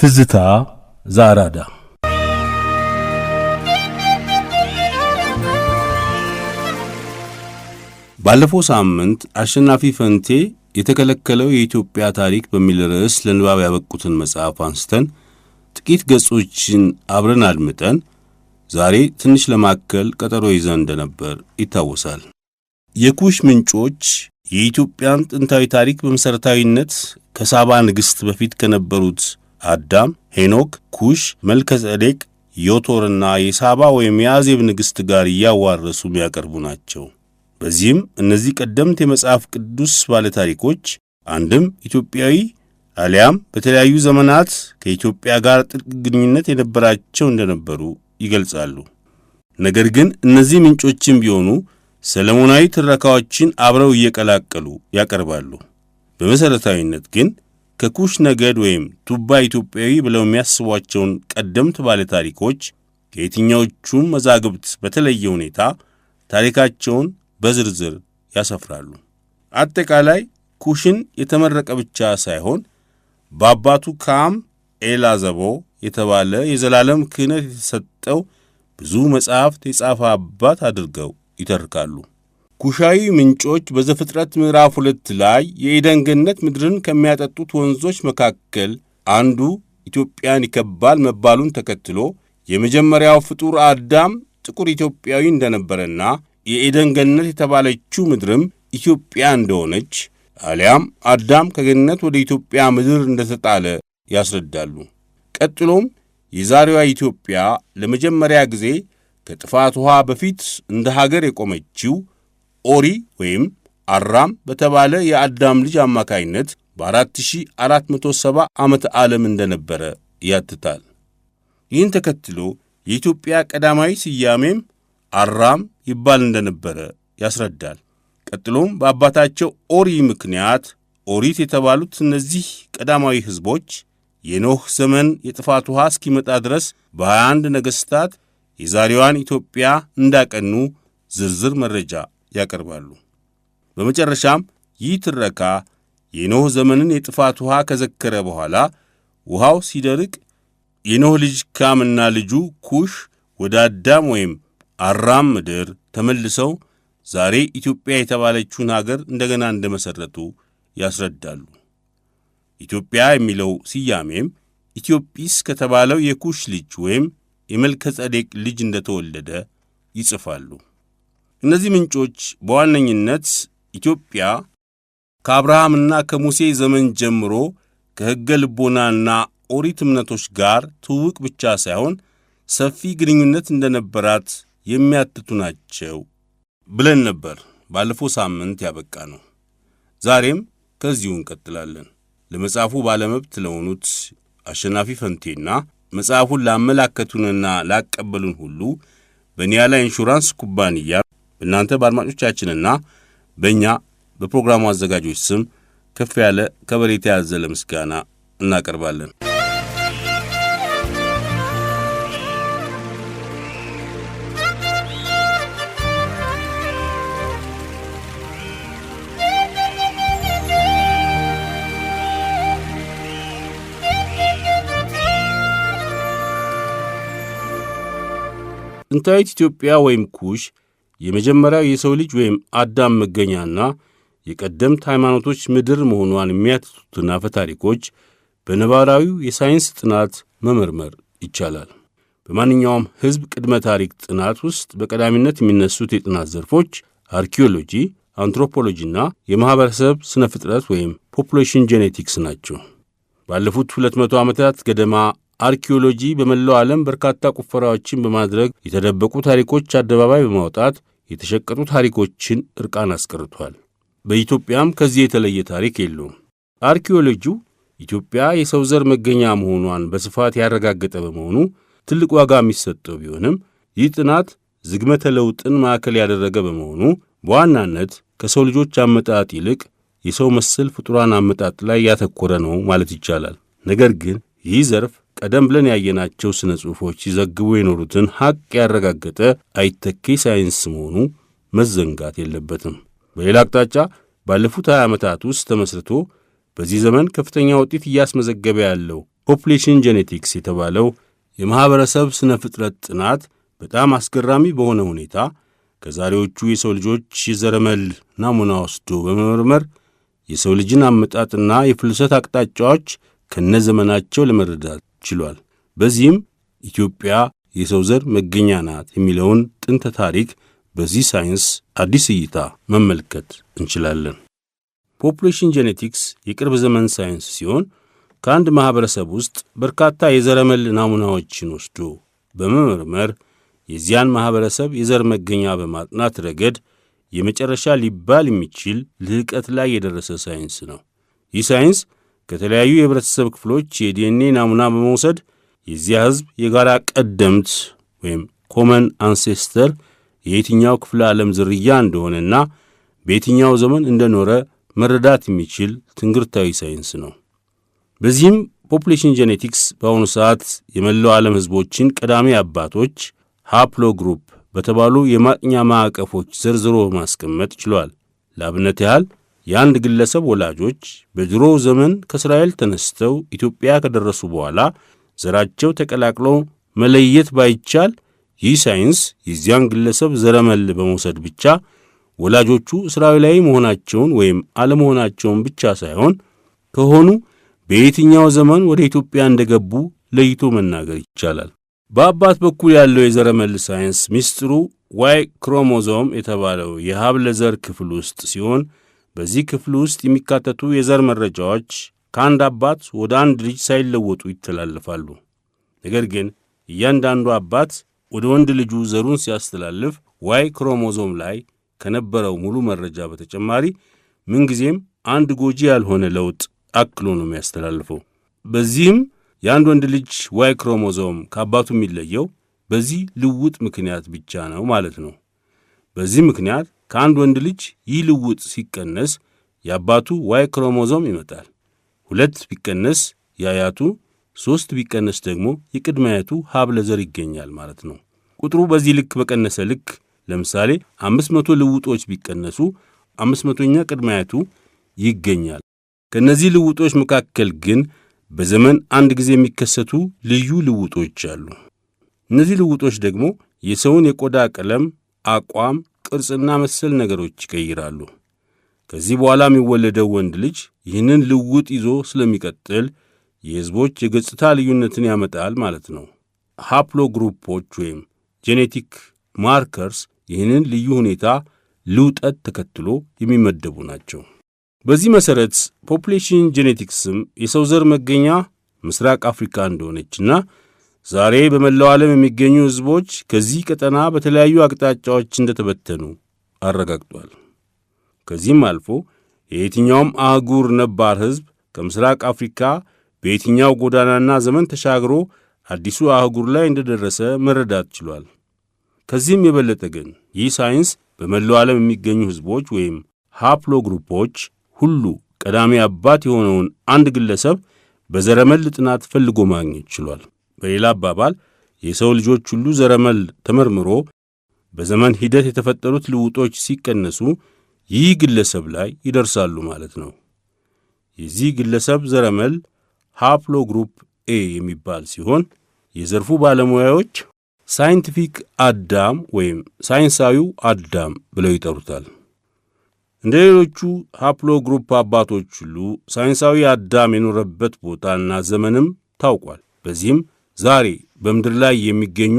ትዝታ ዛራዳ ባለፈው ሳምንት አሸናፊ ፈንቴ የተከለከለው የኢትዮጵያ ታሪክ በሚል ርዕስ ለንባብ ያበቁትን መጽሐፍ አንስተን ጥቂት ገጾችን አብረን አድምጠን ዛሬ ትንሽ ለማከል ቀጠሮ ይዘን እንደነበር ይታወሳል። የኩሽ ምንጮች የኢትዮጵያን ጥንታዊ ታሪክ በመሠረታዊነት ከሳባ ንግሥት በፊት ከነበሩት አዳም፣ ሄኖክ፣ ኩሽ፣ መልከጸዴቅ፣ ዮቶርና የሳባ ወይም የአዜብ ንግሥት ጋር እያዋረሱ የሚያቀርቡ ናቸው። በዚህም እነዚህ ቀደምት የመጽሐፍ ቅዱስ ባለታሪኮች አንድም ኢትዮጵያዊ አሊያም በተለያዩ ዘመናት ከኢትዮጵያ ጋር ጥልቅ ግንኙነት የነበራቸው እንደነበሩ ይገልጻሉ። ነገር ግን እነዚህ ምንጮችም ቢሆኑ ሰለሞናዊ ትረካዎችን አብረው እየቀላቀሉ ያቀርባሉ። በመሠረታዊነት ግን ከኩሽ ነገድ ወይም ቱባ ኢትዮጵያዊ ብለው የሚያስቧቸውን ቀደምት ባለ ታሪኮች ከየትኛዎቹም መዛግብት በተለየ ሁኔታ ታሪካቸውን በዝርዝር ያሰፍራሉ። አጠቃላይ ኩሽን የተመረቀ ብቻ ሳይሆን በአባቱ ካም ኤላዘቦ የተባለ የዘላለም ክህነት የተሰጠው ብዙ መጽሐፍት የጻፈ አባት አድርገው ይተርካሉ። ኩሻዊ ምንጮች በዘፍጥረት ምዕራፍ ሁለት ላይ የኤደን ገነት ምድርን ከሚያጠጡት ወንዞች መካከል አንዱ ኢትዮጵያን ይከባል መባሉን ተከትሎ የመጀመሪያው ፍጡር አዳም ጥቁር ኢትዮጵያዊ እንደነበረና የኤደን ገነት የተባለችው ምድርም ኢትዮጵያ እንደሆነች አሊያም አዳም ከገነት ወደ ኢትዮጵያ ምድር እንደተጣለ ያስረዳሉ። ቀጥሎም የዛሬዋ ኢትዮጵያ ለመጀመሪያ ጊዜ ከጥፋት ውሃ በፊት እንደ ሀገር የቆመችው ኦሪ ወይም አራም በተባለ የአዳም ልጅ አማካይነት በ4470 ዓመተ ዓለም እንደነበረ ያትታል። ይህን ተከትሎ የኢትዮጵያ ቀዳማዊ ስያሜም አራም ይባል እንደነበረ ያስረዳል። ቀጥሎም በአባታቸው ኦሪ ምክንያት ኦሪት የተባሉት እነዚህ ቀዳማዊ ሕዝቦች የኖኅ ዘመን የጥፋት ውሃ እስኪመጣ ድረስ በ21 ነገሥታት የዛሬዋን ኢትዮጵያ እንዳቀኑ ዝርዝር መረጃ ያቀርባሉ። በመጨረሻም ይህ ትረካ የኖህ ዘመንን የጥፋት ውሃ ከዘከረ በኋላ ውሃው ሲደርቅ የኖህ ልጅ ካምና ልጁ ኩሽ ወደ አዳም ወይም አራም ምድር ተመልሰው ዛሬ ኢትዮጵያ የተባለችውን አገር እንደገና እንደመሠረቱ ያስረዳሉ። ኢትዮጵያ የሚለው ስያሜም ኢትዮጵስ ከተባለው የኩሽ ልጅ ወይም የመልከ ጸዴቅ ልጅ እንደተወለደ ይጽፋሉ። እነዚህ ምንጮች በዋነኝነት ኢትዮጵያ ከአብርሃምና ከሙሴ ዘመን ጀምሮ ከሕገ ልቦናና ኦሪት እምነቶች ጋር ትውውቅ ብቻ ሳይሆን ሰፊ ግንኙነት እንደነበራት የሚያትቱ ናቸው ብለን ነበር ባለፈው ሳምንት ያበቃ ነው። ዛሬም ከዚሁ እንቀጥላለን። ለመጽሐፉ ባለመብት ለሆኑት አሸናፊ ፈንቴና መጽሐፉን ላመላከቱንና ላቀበሉን ሁሉ በኒያላ ኢንሹራንስ ኩባንያ በእናንተ በአድማጮቻችንና በእኛ በፕሮግራሙ አዘጋጆች ስም ከፍ ያለ ከበሬታ ያዘለ ምስጋና እናቀርባለን። ጥንታዊት ኢትዮጵያ ወይም ኩሽ የመጀመሪያው የሰው ልጅ ወይም አዳም መገኛና የቀደምት ሃይማኖቶች ምድር መሆኗን የሚያትቱትን አፈ ታሪኮች በነባራዊው የሳይንስ ጥናት መመርመር ይቻላል። በማንኛውም ሕዝብ ቅድመ ታሪክ ጥናት ውስጥ በቀዳሚነት የሚነሱት የጥናት ዘርፎች አርኪኦሎጂ፣ አንትሮፖሎጂና የማኅበረሰብ ሥነ ፍጥረት ወይም ፖፑሌሽን ጄኔቲክስ ናቸው። ባለፉት 200 ዓመታት ገደማ አርኪኦሎጂ በመላው ዓለም በርካታ ቁፈራዎችን በማድረግ የተደበቁ ታሪኮች አደባባይ በማውጣት የተሸቀጡ ታሪኮችን እርቃን አስቀርቷል። በኢትዮጵያም ከዚህ የተለየ ታሪክ የለውም። አርኪኦሎጂው ኢትዮጵያ የሰው ዘር መገኛ መሆኗን በስፋት ያረጋገጠ በመሆኑ ትልቅ ዋጋ የሚሰጠው ቢሆንም ይህ ጥናት ዝግመተ ለውጥን ማዕከል ያደረገ በመሆኑ በዋናነት ከሰው ልጆች አመጣጥ ይልቅ የሰው መሰል ፍጡራን አመጣጥ ላይ ያተኮረ ነው ማለት ይቻላል። ነገር ግን ይህ ዘርፍ ቀደም ብለን ያየናቸው ሥነ ጽሑፎች ሲዘግቡ የኖሩትን ሐቅ ያረጋገጠ አይተኬ ሳይንስ መሆኑ መዘንጋት የለበትም። በሌላ አቅጣጫ ባለፉት 20 ዓመታት ውስጥ ተመስርቶ በዚህ ዘመን ከፍተኛ ውጤት እያስመዘገበ ያለው ፖፕሌሽን ጄኔቲክስ የተባለው የማኅበረሰብ ሥነ ፍጥረት ጥናት በጣም አስገራሚ በሆነ ሁኔታ ከዛሬዎቹ የሰው ልጆች የዘረመል ናሙና ወስዶ በመመርመር የሰው ልጅን አመጣጥና የፍልሰት አቅጣጫዎች ከነ ዘመናቸው ለመረዳት ችሏል። በዚህም ኢትዮጵያ የሰው ዘር መገኛ ናት የሚለውን ጥንተ ታሪክ በዚህ ሳይንስ አዲስ እይታ መመልከት እንችላለን። ፖፑሌሽን ጄኔቲክስ የቅርብ ዘመን ሳይንስ ሲሆን ከአንድ ማኅበረሰብ ውስጥ በርካታ የዘረመል ናሙናዎችን ወስዶ በመመርመር የዚያን ማኅበረሰብ የዘር መገኛ በማጥናት ረገድ የመጨረሻ ሊባል የሚችል ልህቀት ላይ የደረሰ ሳይንስ ነው። ይህ ሳይንስ ከተለያዩ የህብረተሰብ ክፍሎች የዲኤንኤ ናሙና በመውሰድ የዚያ ህዝብ የጋራ ቀደምት ወይም ኮመን አንሴስተር የየትኛው ክፍለ ዓለም ዝርያ እንደሆነና በየትኛው ዘመን እንደኖረ መረዳት የሚችል ትንግርታዊ ሳይንስ ነው። በዚህም ፖፑሌሽን ጄኔቲክስ በአሁኑ ሰዓት የመላው ዓለም ህዝቦችን ቀዳሚ አባቶች ሃፕሎ ግሩፕ በተባሉ የማጥኛ ማዕቀፎች ዘርዝሮ ማስቀመጥ ችሏል። ለአብነት ያህል የአንድ ግለሰብ ወላጆች በድሮ ዘመን ከእስራኤል ተነስተው ኢትዮጵያ ከደረሱ በኋላ ዘራቸው ተቀላቅሎ መለየት ባይቻል ይህ ሳይንስ የዚያን ግለሰብ ዘረመል በመውሰድ ብቻ ወላጆቹ እስራኤላዊ መሆናቸውን ወይም አለመሆናቸውን ብቻ ሳይሆን ከሆኑ በየትኛው ዘመን ወደ ኢትዮጵያ እንደገቡ ለይቶ መናገር ይቻላል። በአባት በኩል ያለው የዘረመል ሳይንስ ሚስጥሩ ዋይ ክሮሞዞም የተባለው የሀብለ ዘር ክፍል ውስጥ ሲሆን በዚህ ክፍል ውስጥ የሚካተቱ የዘር መረጃዎች ከአንድ አባት ወደ አንድ ልጅ ሳይለወጡ ይተላለፋሉ። ነገር ግን እያንዳንዱ አባት ወደ ወንድ ልጁ ዘሩን ሲያስተላልፍ ዋይ ክሮሞዞም ላይ ከነበረው ሙሉ መረጃ በተጨማሪ ምንጊዜም አንድ ጎጂ ያልሆነ ለውጥ አክሎ ነው የሚያስተላልፈው። በዚህም የአንድ ወንድ ልጅ ዋይ ክሮሞዞም ከአባቱ የሚለየው በዚህ ልውጥ ምክንያት ብቻ ነው ማለት ነው። በዚህ ምክንያት ከአንድ ወንድ ልጅ ይህ ልውጥ ሲቀነስ የአባቱ ዋይ ክሮሞዞም ይመጣል። ሁለት ቢቀነስ የአያቱ፣ ሦስት ቢቀነስ ደግሞ የቅድመ አያቱ ሀብለ ዘር ይገኛል ማለት ነው። ቁጥሩ በዚህ ልክ በቀነሰ ልክ ለምሳሌ አምስት መቶ ልውጦች ቢቀነሱ አምስት መቶኛ ቅድመ አያቱ ይገኛል። ከእነዚህ ልውጦች መካከል ግን በዘመን አንድ ጊዜ የሚከሰቱ ልዩ ልውጦች አሉ። እነዚህ ልውጦች ደግሞ የሰውን የቆዳ ቀለም፣ አቋም፣ ቅርጽና መሰል ነገሮች ይቀይራሉ። ከዚህ በኋላ የሚወለደው ወንድ ልጅ ይህንን ልውጥ ይዞ ስለሚቀጥል የሕዝቦች የገጽታ ልዩነትን ያመጣል ማለት ነው። ሃፕሎ ግሩፖች ወይም ጄኔቲክ ማርከርስ ይህንን ልዩ ሁኔታ ልውጠት ተከትሎ የሚመደቡ ናቸው። በዚህ መሠረት ፖፕሌሽን ጄኔቲክስም የሰው ዘር መገኛ ምስራቅ አፍሪካ እንደሆነችና ዛሬ በመላው ዓለም የሚገኙ ሕዝቦች ከዚህ ቀጠና በተለያዩ አቅጣጫዎች እንደተበተኑ አረጋግጧል። ከዚህም አልፎ የየትኛውም አህጉር ነባር ሕዝብ ከምሥራቅ አፍሪካ በየትኛው ጎዳናና ዘመን ተሻግሮ አዲሱ አህጉር ላይ እንደደረሰ መረዳት ችሏል። ከዚህም የበለጠ ግን ይህ ሳይንስ በመላው ዓለም የሚገኙ ሕዝቦች ወይም ሃፕሎ ግሩፖች ሁሉ ቀዳሚ አባት የሆነውን አንድ ግለሰብ በዘረመል ጥናት ፈልጎ ማግኘት ችሏል። በሌላ አባባል የሰው ልጆች ሁሉ ዘረመል ተመርምሮ በዘመን ሂደት የተፈጠሩት ልውጦች ሲቀነሱ ይህ ግለሰብ ላይ ይደርሳሉ ማለት ነው። የዚህ ግለሰብ ዘረመል ሃፕሎ ግሩፕ ኤ የሚባል ሲሆን የዘርፉ ባለሙያዎች ሳይንቲፊክ አዳም ወይም ሳይንሳዊው አዳም ብለው ይጠሩታል። እንደ ሌሎቹ ሃፕሎ ግሩፕ አባቶች ሁሉ ሳይንሳዊ አዳም የኖረበት ቦታና ዘመንም ታውቋል። በዚህም ዛሬ በምድር ላይ የሚገኙ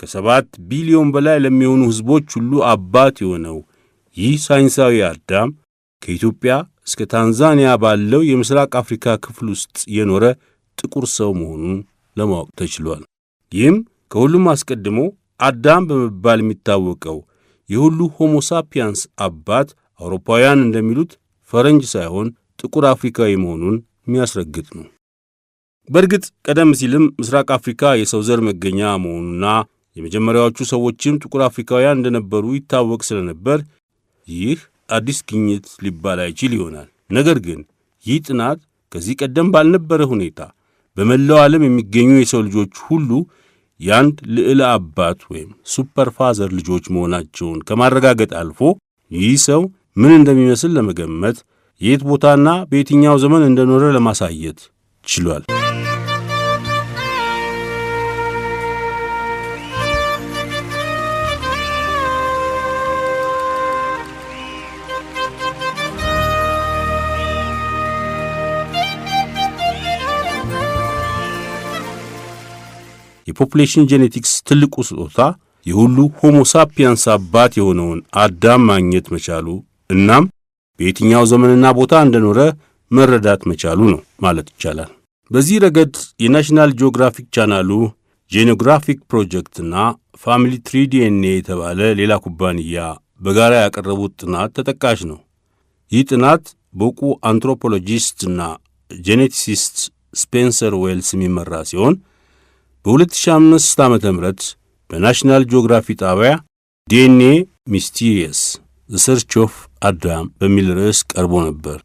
ከሰባት ቢሊዮን በላይ ለሚሆኑ ሕዝቦች ሁሉ አባት የሆነው ይህ ሳይንሳዊ አዳም ከኢትዮጵያ እስከ ታንዛኒያ ባለው የምሥራቅ አፍሪካ ክፍል ውስጥ የኖረ ጥቁር ሰው መሆኑን ለማወቅ ተችሏል። ይህም ከሁሉም አስቀድሞ አዳም በመባል የሚታወቀው የሁሉ ሆሞሳፒያንስ አባት አውሮፓውያን እንደሚሉት ፈረንጅ ሳይሆን ጥቁር አፍሪካዊ መሆኑን የሚያስረግጥ ነው። በእርግጥ ቀደም ሲልም ምስራቅ አፍሪካ የሰው ዘር መገኛ መሆኑና የመጀመሪያዎቹ ሰዎችም ጥቁር አፍሪካውያን እንደነበሩ ይታወቅ ስለነበር ይህ አዲስ ግኝት ሊባል አይችል ይሆናል። ነገር ግን ይህ ጥናት ከዚህ ቀደም ባልነበረ ሁኔታ በመላው ዓለም የሚገኙ የሰው ልጆች ሁሉ የአንድ ልዕለ አባት ወይም ሱፐርፋዘር ልጆች መሆናቸውን ከማረጋገጥ አልፎ ይህ ሰው ምን እንደሚመስል ለመገመት የት ቦታና በየትኛው ዘመን እንደኖረ ለማሳየት ችሏል። የፖፑሌሽን ጄኔቲክስ ትልቁ ስጦታ የሁሉ ሆሞሳፒያንስ አባት የሆነውን አዳም ማግኘት መቻሉ እናም በየትኛው ዘመንና ቦታ እንደኖረ መረዳት መቻሉ ነው ማለት ይቻላል። በዚህ ረገድ የናሽናል ጂኦግራፊክ ቻናሉ ጄኖግራፊክ ፕሮጀክትና ፋሚሊ ትሪ ዲኤንኤ የተባለ ሌላ ኩባንያ በጋራ ያቀረቡት ጥናት ተጠቃሽ ነው። ይህ ጥናት በእውቁ አንትሮፖሎጂስትና ጄኔቲሲስት ስፔንሰር ዌልስ የሚመራ ሲሆን በ2005 ዓ ም በናሽናል ጂኦግራፊ ጣቢያ ዴኔ ሚስቲሪየስ ዘሰርች ኦፍ አዳም በሚል ርዕስ ቀርቦ ነበር።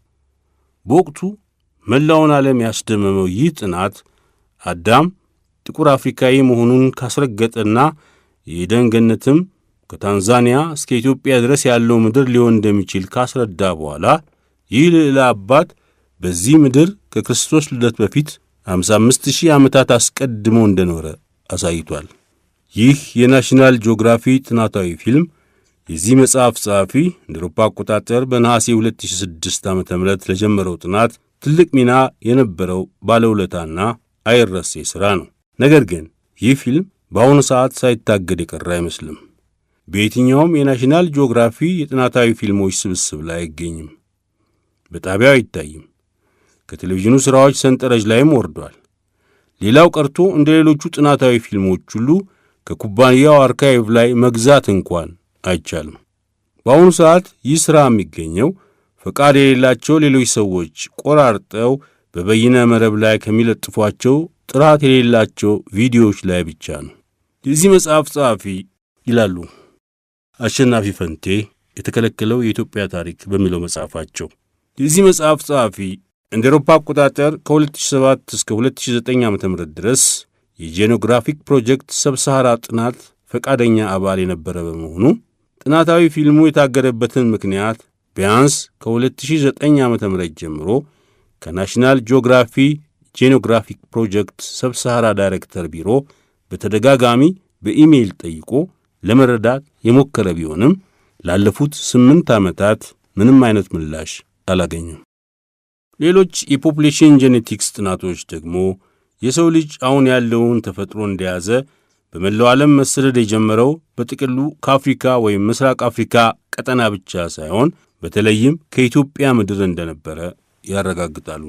በወቅቱ መላውን ዓለም ያስደመመው ይህ ጥናት አዳም ጥቁር አፍሪካዊ መሆኑን ካስረገጠና የኤደን ገነትም ከታንዛኒያ እስከ ኢትዮጵያ ድረስ ያለው ምድር ሊሆን እንደሚችል ካስረዳ በኋላ ይህ ልዕለ አባት በዚህ ምድር ከክርስቶስ ልደት በፊት አምስት ሺህ ዓመታት አስቀድሞ እንደኖረ አሳይቷል። ይህ የናሽናል ጂኦግራፊ ጥናታዊ ፊልም የዚህ መጽሐፍ ጸሐፊ እንደ አውሮፓ አቆጣጠር በነሐሴ 2006 ዓ ም ለጀመረው ጥናት ትልቅ ሚና የነበረው ባለውለታና አይረሴ ሥራ ነው። ነገር ግን ይህ ፊልም በአሁኑ ሰዓት ሳይታገድ የቀረ አይመስልም። በየትኛውም የናሽናል ጂኦግራፊ የጥናታዊ ፊልሞች ስብስብ ላይ አይገኝም፣ በጣቢያው አይታይም። ከቴሌቪዥኑ ሥራዎች ሰንጠረዥ ላይም ወርዷል። ሌላው ቀርቶ እንደ ሌሎቹ ጥናታዊ ፊልሞች ሁሉ ከኩባንያው አርካይቭ ላይ መግዛት እንኳን አይቻልም። በአሁኑ ሰዓት ይህ ሥራ የሚገኘው ፈቃድ የሌላቸው ሌሎች ሰዎች ቆራርጠው በበይነ መረብ ላይ ከሚለጥፏቸው ጥራት የሌላቸው ቪዲዮዎች ላይ ብቻ ነው። የዚህ መጽሐፍ ጸሐፊ ይላሉ አሸናፊ ፈንቴ የተከለከለው የኢትዮጵያ ታሪክ በሚለው መጽሐፋቸው የዚህ መጽሐፍ ጸሐፊ እንደ ኤሮፓ አቆጣጠር ከ2007 እስከ 2009 ዓ ም ድረስ የጄኖግራፊክ ፕሮጀክት ሰብሳሃራ ጥናት ፈቃደኛ አባል የነበረ በመሆኑ ጥናታዊ ፊልሙ የታገደበትን ምክንያት ቢያንስ ከ2009 ዓ ም ጀምሮ ከናሽናል ጂኦግራፊ ጄኖግራፊክ ፕሮጀክት ሰብሳሃራ ዳይሬክተር ቢሮ በተደጋጋሚ በኢሜይል ጠይቆ ለመረዳት የሞከረ ቢሆንም ላለፉት ስምንት ዓመታት ምንም አይነት ምላሽ አላገኙም። ሌሎች የፖፕሌሽን ጄኔቲክስ ጥናቶች ደግሞ የሰው ልጅ አሁን ያለውን ተፈጥሮ እንደያዘ በመላው ዓለም መሰደድ የጀመረው በጥቅሉ ከአፍሪካ ወይም ምስራቅ አፍሪካ ቀጠና ብቻ ሳይሆን በተለይም ከኢትዮጵያ ምድር እንደነበረ ያረጋግጣሉ።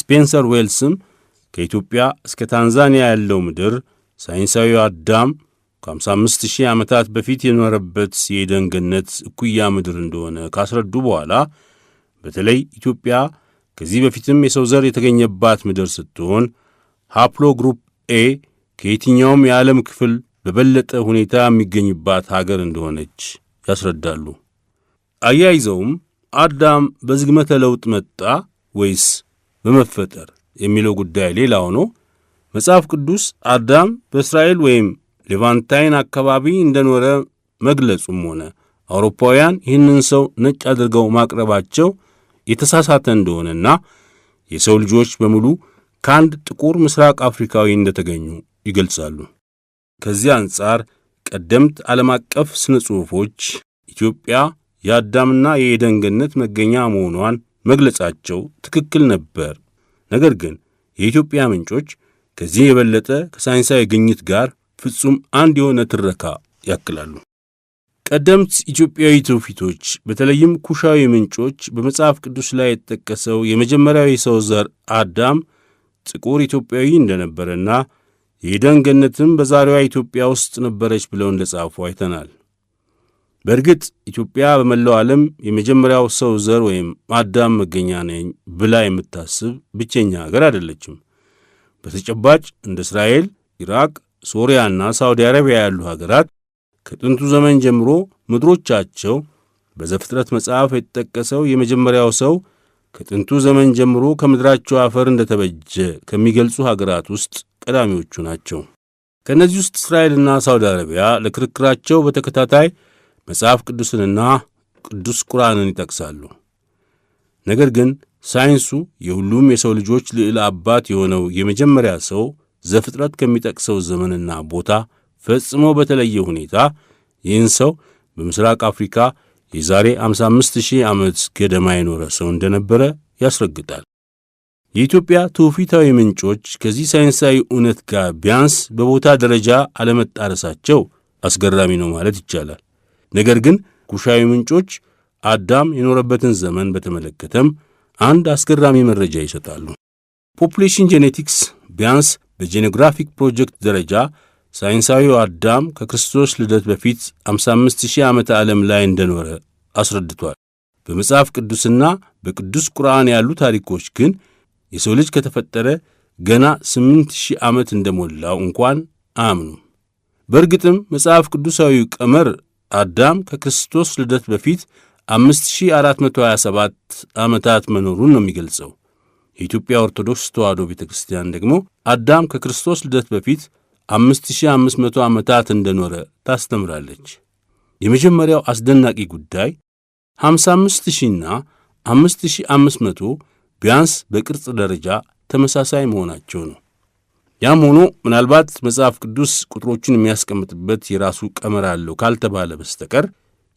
ስፔንሰር ዌልስም ከኢትዮጵያ እስከ ታንዛኒያ ያለው ምድር ሳይንሳዊ አዳም ከ55 ሺህ ዓመታት በፊት የኖረበት የኤደን ገነት እኩያ ምድር እንደሆነ ካስረዱ በኋላ በተለይ ኢትዮጵያ ከዚህ በፊትም የሰው ዘር የተገኘባት ምድር ስትሆን ሃፕሎ ግሩፕ ኤ ከየትኛውም የዓለም ክፍል በበለጠ ሁኔታ የሚገኝባት አገር እንደሆነች ያስረዳሉ። አያይዘውም አዳም በዝግመተ ለውጥ መጣ ወይስ በመፈጠር የሚለው ጉዳይ ሌላ ሆኖ መጽሐፍ ቅዱስ አዳም በእስራኤል ወይም ሌቫንታይን አካባቢ እንደኖረ መግለጹም ሆነ አውሮፓውያን ይህንን ሰው ነጭ አድርገው ማቅረባቸው የተሳሳተ እንደሆነና የሰው ልጆች በሙሉ ከአንድ ጥቁር ምስራቅ አፍሪካዊ እንደተገኙ ይገልጻሉ። ከዚህ አንጻር ቀደምት ዓለም አቀፍ ሥነ ጽሑፎች ኢትዮጵያ የአዳምና የኤደን ገነት መገኛ መሆኗን መግለጻቸው ትክክል ነበር። ነገር ግን የኢትዮጵያ ምንጮች ከዚህ የበለጠ ከሳይንሳዊ ግኝት ጋር ፍጹም አንድ የሆነ ትረካ ያክላሉ። ቀደምት ኢትዮጵያዊ ትውፊቶች በተለይም ኩሻዊ ምንጮች በመጽሐፍ ቅዱስ ላይ የተጠቀሰው የመጀመሪያዊ ሰው ዘር አዳም ጥቁር ኢትዮጵያዊ እንደነበረና የኤደን ገነትም በዛሬዋ ኢትዮጵያ ውስጥ ነበረች ብለው እንደ ጻፉ አይተናል። በእርግጥ ኢትዮጵያ በመላው ዓለም የመጀመሪያው ሰው ዘር ወይም አዳም መገኛ ነኝ ብላ የምታስብ ብቸኛ ሀገር አይደለችም። በተጨባጭ እንደ እስራኤል፣ ኢራቅ፣ ሶሪያና ሳውዲ አረቢያ ያሉ ሀገራት ከጥንቱ ዘመን ጀምሮ ምድሮቻቸው በዘፍጥረት መጽሐፍ የተጠቀሰው የመጀመሪያው ሰው ከጥንቱ ዘመን ጀምሮ ከምድራቸው አፈር እንደተበጀ ከሚገልጹ ሀገራት ውስጥ ቀዳሚዎቹ ናቸው። ከእነዚህ ውስጥ እስራኤልና ሳውዲ አረቢያ ለክርክራቸው በተከታታይ መጽሐፍ ቅዱስንና ቅዱስ ቁርአንን ይጠቅሳሉ። ነገር ግን ሳይንሱ የሁሉም የሰው ልጆች ልዕለ አባት የሆነው የመጀመሪያ ሰው ዘፍጥረት ከሚጠቅሰው ዘመንና ቦታ ፈጽሞ በተለየ ሁኔታ ይህን ሰው በምስራቅ አፍሪካ የዛሬ 55 ዓመት ገደማ የኖረ ሰው እንደነበረ ያስረግጣል። የኢትዮጵያ ትውፊታዊ ምንጮች ከዚህ ሳይንሳዊ እውነት ጋር ቢያንስ በቦታ ደረጃ አለመጣረሳቸው አስገራሚ ነው ማለት ይቻላል። ነገር ግን ኩሻዊ ምንጮች አዳም የኖረበትን ዘመን በተመለከተም አንድ አስገራሚ መረጃ ይሰጣሉ። ፖፑሌሽን ጄኔቲክስ ቢያንስ በጄኔግራፊክ ፕሮጀክት ደረጃ ሳይንሳዊው አዳም ከክርስቶስ ልደት በፊት 55000 ዓመተ ዓለም ላይ እንደኖረ አስረድቷል። በመጽሐፍ ቅዱስና በቅዱስ ቁርአን ያሉ ታሪኮች ግን የሰው ልጅ ከተፈጠረ ገና 8000 ዓመት እንደሞላው እንኳን አያምኑም። በእርግጥም መጽሐፍ ቅዱሳዊው ቀመር አዳም ከክርስቶስ ልደት በፊት 5427 ዓመታት መኖሩን ነው የሚገልጸው። የኢትዮጵያ ኦርቶዶክስ ተዋሕዶ ቤተ ክርስቲያን ደግሞ አዳም ከክርስቶስ ልደት በፊት 5500 ዓመታት እንደኖረ ታስተምራለች። የመጀመሪያው አስደናቂ ጉዳይ 55000ና 5500 ቢያንስ በቅርጽ ደረጃ ተመሳሳይ መሆናቸው ነው። ያም ሆኖ ምናልባት መጽሐፍ ቅዱስ ቁጥሮቹን የሚያስቀምጥበት የራሱ ቀመር አለው ካልተባለ በስተቀር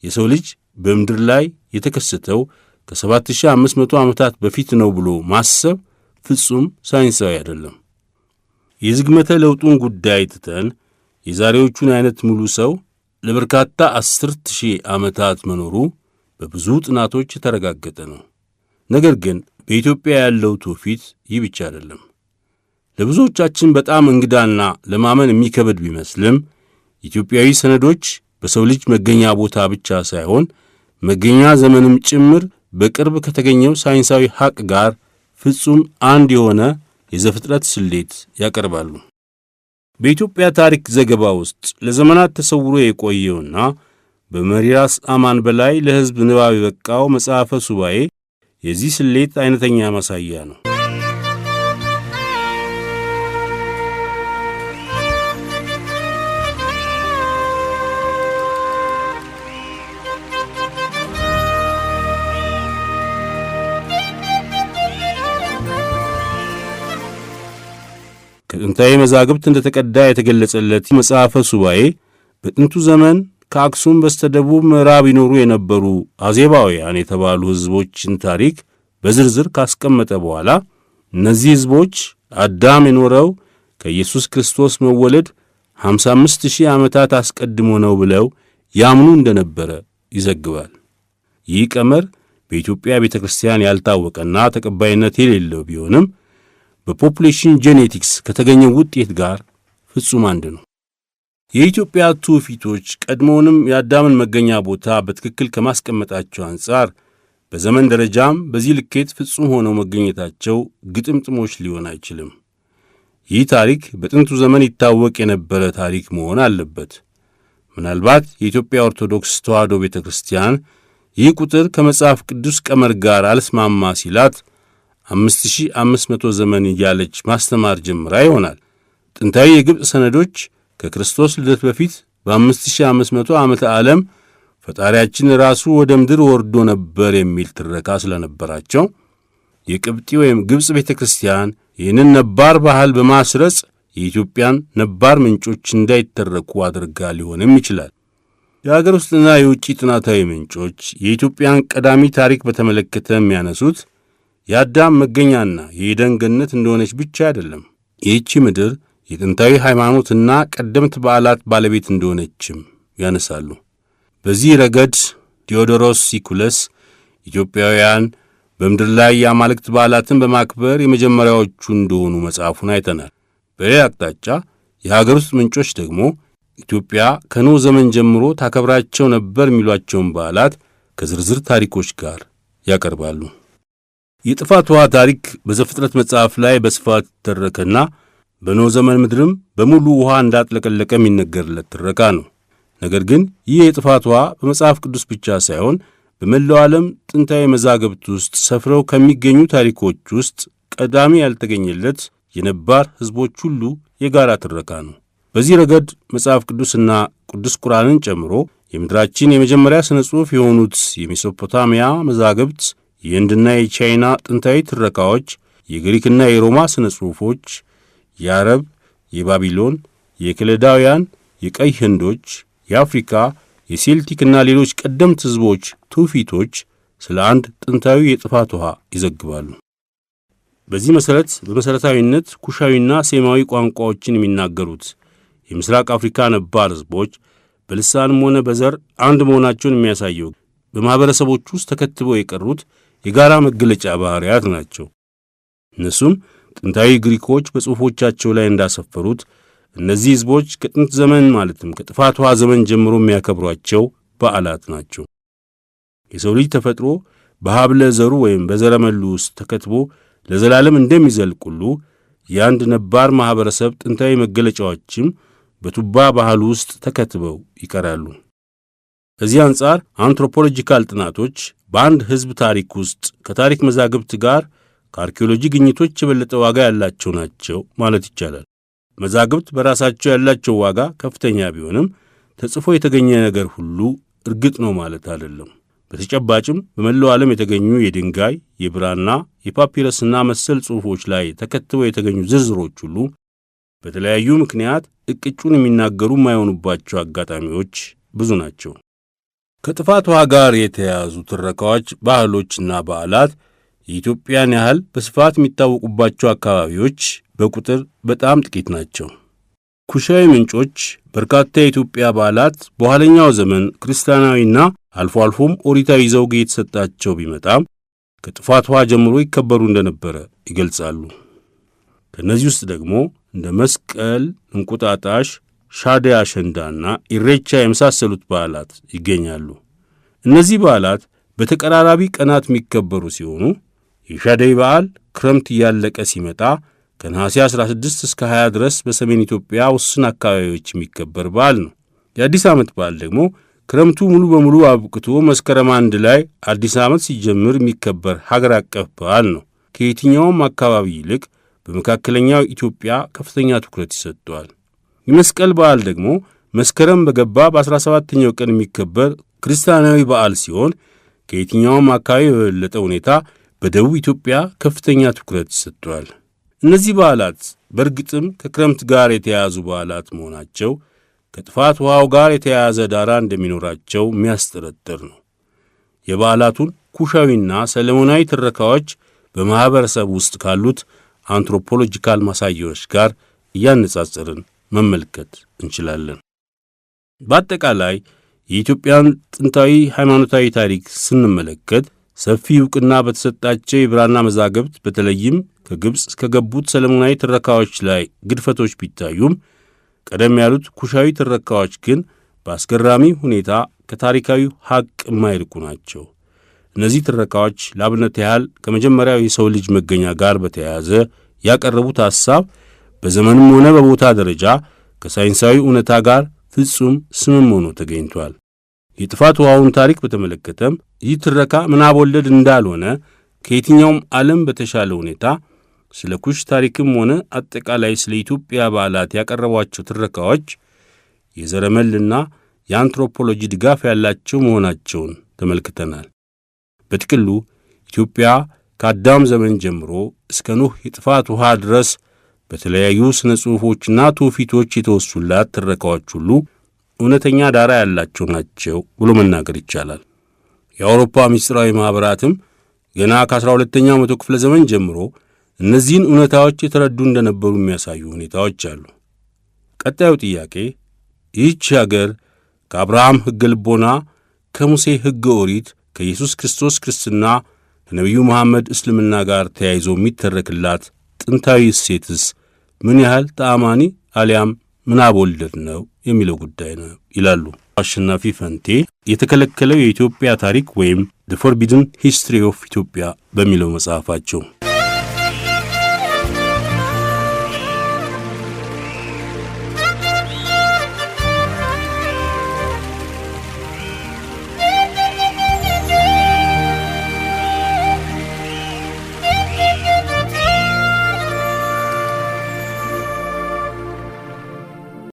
የሰው ልጅ በምድር ላይ የተከሰተው ከ7500 ዓመታት በፊት ነው ብሎ ማሰብ ፍጹም ሳይንሳዊ አይደለም። የዝግመተ ለውጡን ጉዳይ ትተን የዛሬዎቹን ዐይነት ሙሉ ሰው ለበርካታ ዐሥርት ሺህ ዓመታት መኖሩ በብዙ ጥናቶች የተረጋገጠ ነው። ነገር ግን በኢትዮጵያ ያለው ትውፊት ይህ ብቻ አይደለም። ለብዙዎቻችን በጣም እንግዳና ለማመን የሚከብድ ቢመስልም ኢትዮጵያዊ ሰነዶች በሰው ልጅ መገኛ ቦታ ብቻ ሳይሆን መገኛ ዘመንም ጭምር በቅርብ ከተገኘው ሳይንሳዊ ሐቅ ጋር ፍጹም አንድ የሆነ የዘፍጥረት ስሌት ያቀርባሉ። በኢትዮጵያ ታሪክ ዘገባ ውስጥ ለዘመናት ተሰውሮ የቆየውና በመሪራስ አማን በላይ ለሕዝብ ንባብ የበቃው መጽሐፈ ሱባኤ የዚህ ስሌት አይነተኛ ማሳያ ነው። ጥንታዊ መዛግብት እንደተቀዳ የተገለጸለት መጽሐፈ ሱባኤ በጥንቱ ዘመን ከአክሱም በስተደቡብ ምዕራብ ይኖሩ የነበሩ አዜባውያን የተባሉ ሕዝቦችን ታሪክ በዝርዝር ካስቀመጠ በኋላ እነዚህ ሕዝቦች አዳም የኖረው ከኢየሱስ ክርስቶስ መወለድ 55 ሺህ ዓመታት አስቀድሞ ነው ብለው ያምኑ እንደነበረ ይዘግባል። ይህ ቀመር በኢትዮጵያ ቤተ ክርስቲያን ያልታወቀና ተቀባይነት የሌለው ቢሆንም በፖፑሌሽን ጄኔቲክስ ከተገኘው ውጤት ጋር ፍጹም አንድ ነው። የኢትዮጵያ ትውፊቶች ቀድሞውንም የአዳምን መገኛ ቦታ በትክክል ከማስቀመጣቸው አንጻር በዘመን ደረጃም በዚህ ልኬት ፍጹም ሆነው መገኘታቸው ግጥምጥሞች ሊሆን አይችልም። ይህ ታሪክ በጥንቱ ዘመን ይታወቅ የነበረ ታሪክ መሆን አለበት። ምናልባት የኢትዮጵያ ኦርቶዶክስ ተዋሕዶ ቤተ ክርስቲያን ይህ ቁጥር ከመጽሐፍ ቅዱስ ቀመር ጋር አልስማማ ሲላት አምስት ሺህ አምስት መቶ ዘመን እያለች ማስተማር ጀምራ ይሆናል። ጥንታዊ የግብፅ ሰነዶች ከክርስቶስ ልደት በፊት በአምስት ሺህ አምስት መቶ ዓመተ ዓለም ፈጣሪያችን ራሱ ወደ ምድር ወርዶ ነበር የሚል ትረካ ስለነበራቸው የቅብጢ ወይም ግብፅ ቤተ ክርስቲያን ይህንን ነባር ባህል በማስረጽ የኢትዮጵያን ነባር ምንጮች እንዳይተረኩ አድርጋ ሊሆንም ይችላል። የአገር ውስጥና የውጭ ጥናታዊ ምንጮች የኢትዮጵያን ቀዳሚ ታሪክ በተመለከተ የሚያነሱት የአዳም መገኛና የኤደን ገነት እንደሆነች ብቻ አይደለም፣ ይህቺ ምድር የጥንታዊ ሃይማኖትና ቀደምት በዓላት ባለቤት እንደሆነችም ያነሳሉ። በዚህ ረገድ ዲዮዶሮስ ሲኩለስ ኢትዮጵያውያን በምድር ላይ የአማልክት በዓላትን በማክበር የመጀመሪያዎቹ እንደሆኑ መጽሐፉን አይተናል። በሌላ አቅጣጫ የሀገር ውስጥ ምንጮች ደግሞ ኢትዮጵያ ከኖ ዘመን ጀምሮ ታከብራቸው ነበር የሚሏቸውን በዓላት ከዝርዝር ታሪኮች ጋር ያቀርባሉ። የጥፋት ውሃ ታሪክ በዘፍጥረት መጽሐፍ ላይ በስፋት ተረከና በኖ ዘመን ምድርም በሙሉ ውሃ እንዳጥለቀለቀ የሚነገርለት ትረካ ነው። ነገር ግን ይህ የጥፋት ውሃ በመጽሐፍ ቅዱስ ብቻ ሳይሆን በመላው ዓለም ጥንታዊ መዛግብት ውስጥ ሰፍረው ከሚገኙ ታሪኮች ውስጥ ቀዳሚ ያልተገኘለት የነባር ሕዝቦች ሁሉ የጋራ ትረካ ነው። በዚህ ረገድ መጽሐፍ ቅዱስና ቅዱስ ቁርአንን ጨምሮ የምድራችን የመጀመሪያ ሥነ ጽሑፍ የሆኑት የሜሶፖታሚያ መዛግብት የህንድና የቻይና ጥንታዊ ትረካዎች፣ የግሪክና የሮማ ሥነ ጽሑፎች፣ የአረብ፣ የባቢሎን፣ የከለዳውያን፣ የቀይ ህንዶች፣ የአፍሪካ፣ የሴልቲክና ሌሎች ቀደምት ሕዝቦች ትውፊቶች ስለ አንድ ጥንታዊ የጥፋት ውሃ ይዘግባሉ። በዚህ መሠረት በመሠረታዊነት ኩሻዊና ሴማዊ ቋንቋዎችን የሚናገሩት የምሥራቅ አፍሪካ ነባር ሕዝቦች በልሳንም ሆነ በዘር አንድ መሆናቸውን የሚያሳየው በማኅበረሰቦች ውስጥ ተከትበው የቀሩት የጋራ መገለጫ ባሕርያት ናቸው። እነሱም ጥንታዊ ግሪኮች በጽሑፎቻቸው ላይ እንዳሰፈሩት እነዚህ ሕዝቦች ከጥንት ዘመን ማለትም ውሃ ዘመን ጀምሮ የሚያከብሯቸው በዓላት ናቸው። የሰው ልጅ ተፈጥሮ በሀብለ ዘሩ ወይም በዘረመሉ ውስጥ ተከትቦ ለዘላለም እንደሚዘልቅ ሁሉ የአንድ ነባር ማኅበረሰብ ጥንታዊ መገለጫዎችም በቱባ ባህል ውስጥ ተከትበው ይቀራሉ። ከዚህ አንጻር አንትሮፖሎጂካል ጥናቶች በአንድ ሕዝብ ታሪክ ውስጥ ከታሪክ መዛግብት ጋር ከአርኪኦሎጂ ግኝቶች የበለጠ ዋጋ ያላቸው ናቸው ማለት ይቻላል። መዛግብት በራሳቸው ያላቸው ዋጋ ከፍተኛ ቢሆንም ተጽፎ የተገኘ ነገር ሁሉ እርግጥ ነው ማለት አይደለም። በተጨባጭም በመላው ዓለም የተገኙ የድንጋይ የብራና የፓፒረስና መሰል ጽሑፎች ላይ ተከትበው የተገኙ ዝርዝሮች ሁሉ በተለያዩ ምክንያት እቅጩን የሚናገሩ የማይሆኑባቸው አጋጣሚዎች ብዙ ናቸው። ከጥፋቷ ጋር የተያያዙ ትረካዎች፣ ባህሎችና በዓላት የኢትዮጵያን ያህል በስፋት የሚታወቁባቸው አካባቢዎች በቁጥር በጣም ጥቂት ናቸው። ኩሻዊ ምንጮች በርካታ የኢትዮጵያ በዓላት በኋለኛው ዘመን ክርስቲያናዊና አልፎ አልፎም ኦሪታዊ ዘውግ የተሰጣቸው ቢመጣም ከጥፋቷ ጀምሮ ይከበሩ እንደነበረ ይገልጻሉ። ከእነዚህ ውስጥ ደግሞ እንደ መስቀል፣ እንቁጣጣሽ፣ ሻደ አሸንዳና ኢሬቻ የመሳሰሉት በዓላት ይገኛሉ። እነዚህ በዓላት በተቀራራቢ ቀናት የሚከበሩ ሲሆኑ የሻደይ በዓል ክረምት እያለቀ ሲመጣ ከነሐሴ 16 እስከ 20 ድረስ በሰሜን ኢትዮጵያ ውስን አካባቢዎች የሚከበር በዓል ነው። የአዲስ ዓመት በዓል ደግሞ ክረምቱ ሙሉ በሙሉ አብቅቶ መስከረም አንድ ላይ አዲስ ዓመት ሲጀምር የሚከበር ሀገር አቀፍ በዓል ነው። ከየትኛውም አካባቢ ይልቅ በመካከለኛው ኢትዮጵያ ከፍተኛ ትኩረት ይሰጠዋል። የመስቀል በዓል ደግሞ መስከረም በገባ በ17ኛው ቀን የሚከበር ክርስቲያናዊ በዓል ሲሆን ከየትኛውም አካባቢ በበለጠ ሁኔታ በደቡብ ኢትዮጵያ ከፍተኛ ትኩረት ሰጥቷል። እነዚህ በዓላት በእርግጥም ከክረምት ጋር የተያያዙ በዓላት መሆናቸው ከጥፋት ውሃው ጋር የተያያዘ ዳራ እንደሚኖራቸው የሚያስጠረጥር ነው። የበዓላቱን ኩሻዊና ሰለሞናዊ ትረካዎች በማኅበረሰብ ውስጥ ካሉት አንትሮፖሎጂካል ማሳያዎች ጋር እያነጻጸርን መመልከት እንችላለን። በአጠቃላይ የኢትዮጵያን ጥንታዊ ሃይማኖታዊ ታሪክ ስንመለከት ሰፊ ዕውቅና በተሰጣቸው የብራና መዛግብት በተለይም ከግብፅ ከገቡት ሰለሞናዊ ትረካዎች ላይ ግድፈቶች ቢታዩም ቀደም ያሉት ኩሻዊ ትረካዎች ግን በአስገራሚ ሁኔታ ከታሪካዊ ሐቅ የማይርቁ ናቸው። እነዚህ ትረካዎች ለአብነት ያህል ከመጀመሪያው የሰው ልጅ መገኛ ጋር በተያያዘ ያቀረቡት ሐሳብ በዘመንም ሆነ በቦታ ደረጃ ከሳይንሳዊ እውነታ ጋር ፍጹም ስምም ሆኖ ተገኝቷል። የጥፋት ውሃውን ታሪክ በተመለከተም ይህ ትረካ ምናብ ወለድ እንዳልሆነ ከየትኛውም ዓለም በተሻለ ሁኔታ ስለ ኩሽ ታሪክም ሆነ አጠቃላይ ስለ ኢትዮጵያ በዓላት ያቀረቧቸው ትረካዎች የዘረመልና የአንትሮፖሎጂ ድጋፍ ያላቸው መሆናቸውን ተመልክተናል። በጥቅሉ ኢትዮጵያ ከአዳም ዘመን ጀምሮ እስከ ኖህ የጥፋት ውሃ ድረስ በተለያዩ ሥነ ጽሑፎችና ትውፊቶች የተወሱላት ትረካዎች ሁሉ እውነተኛ ዳራ ያላቸው ናቸው ብሎ መናገር ይቻላል። የአውሮፓ ምስጢራዊ ማኅበራትም ገና 12 ሁለተኛው መቶ ክፍለ ዘመን ጀምሮ እነዚህን እውነታዎች የተረዱ እንደነበሩ የሚያሳዩ ሁኔታዎች አሉ። ቀጣዩ ጥያቄ ይህች አገር ከአብርሃም ሕገ ልቦና፣ ከሙሴ ሕገ ኦሪት፣ ከኢየሱስ ክርስቶስ ክርስትና፣ ከነቢዩ መሐመድ እስልምና ጋር ተያይዞ የሚተረክላት ጥንታዊ እሴትስ ምን ያህል ተአማኒ አሊያም ምናብ ወለድ ነው የሚለው ጉዳይ ነው ይላሉ አሸናፊ ፈንቴ። የተከለከለው የኢትዮጵያ ታሪክ ወይም ዘ ፎርቢድን ሂስትሪ ኦፍ ኢትዮጵያ በሚለው መጽሐፋቸው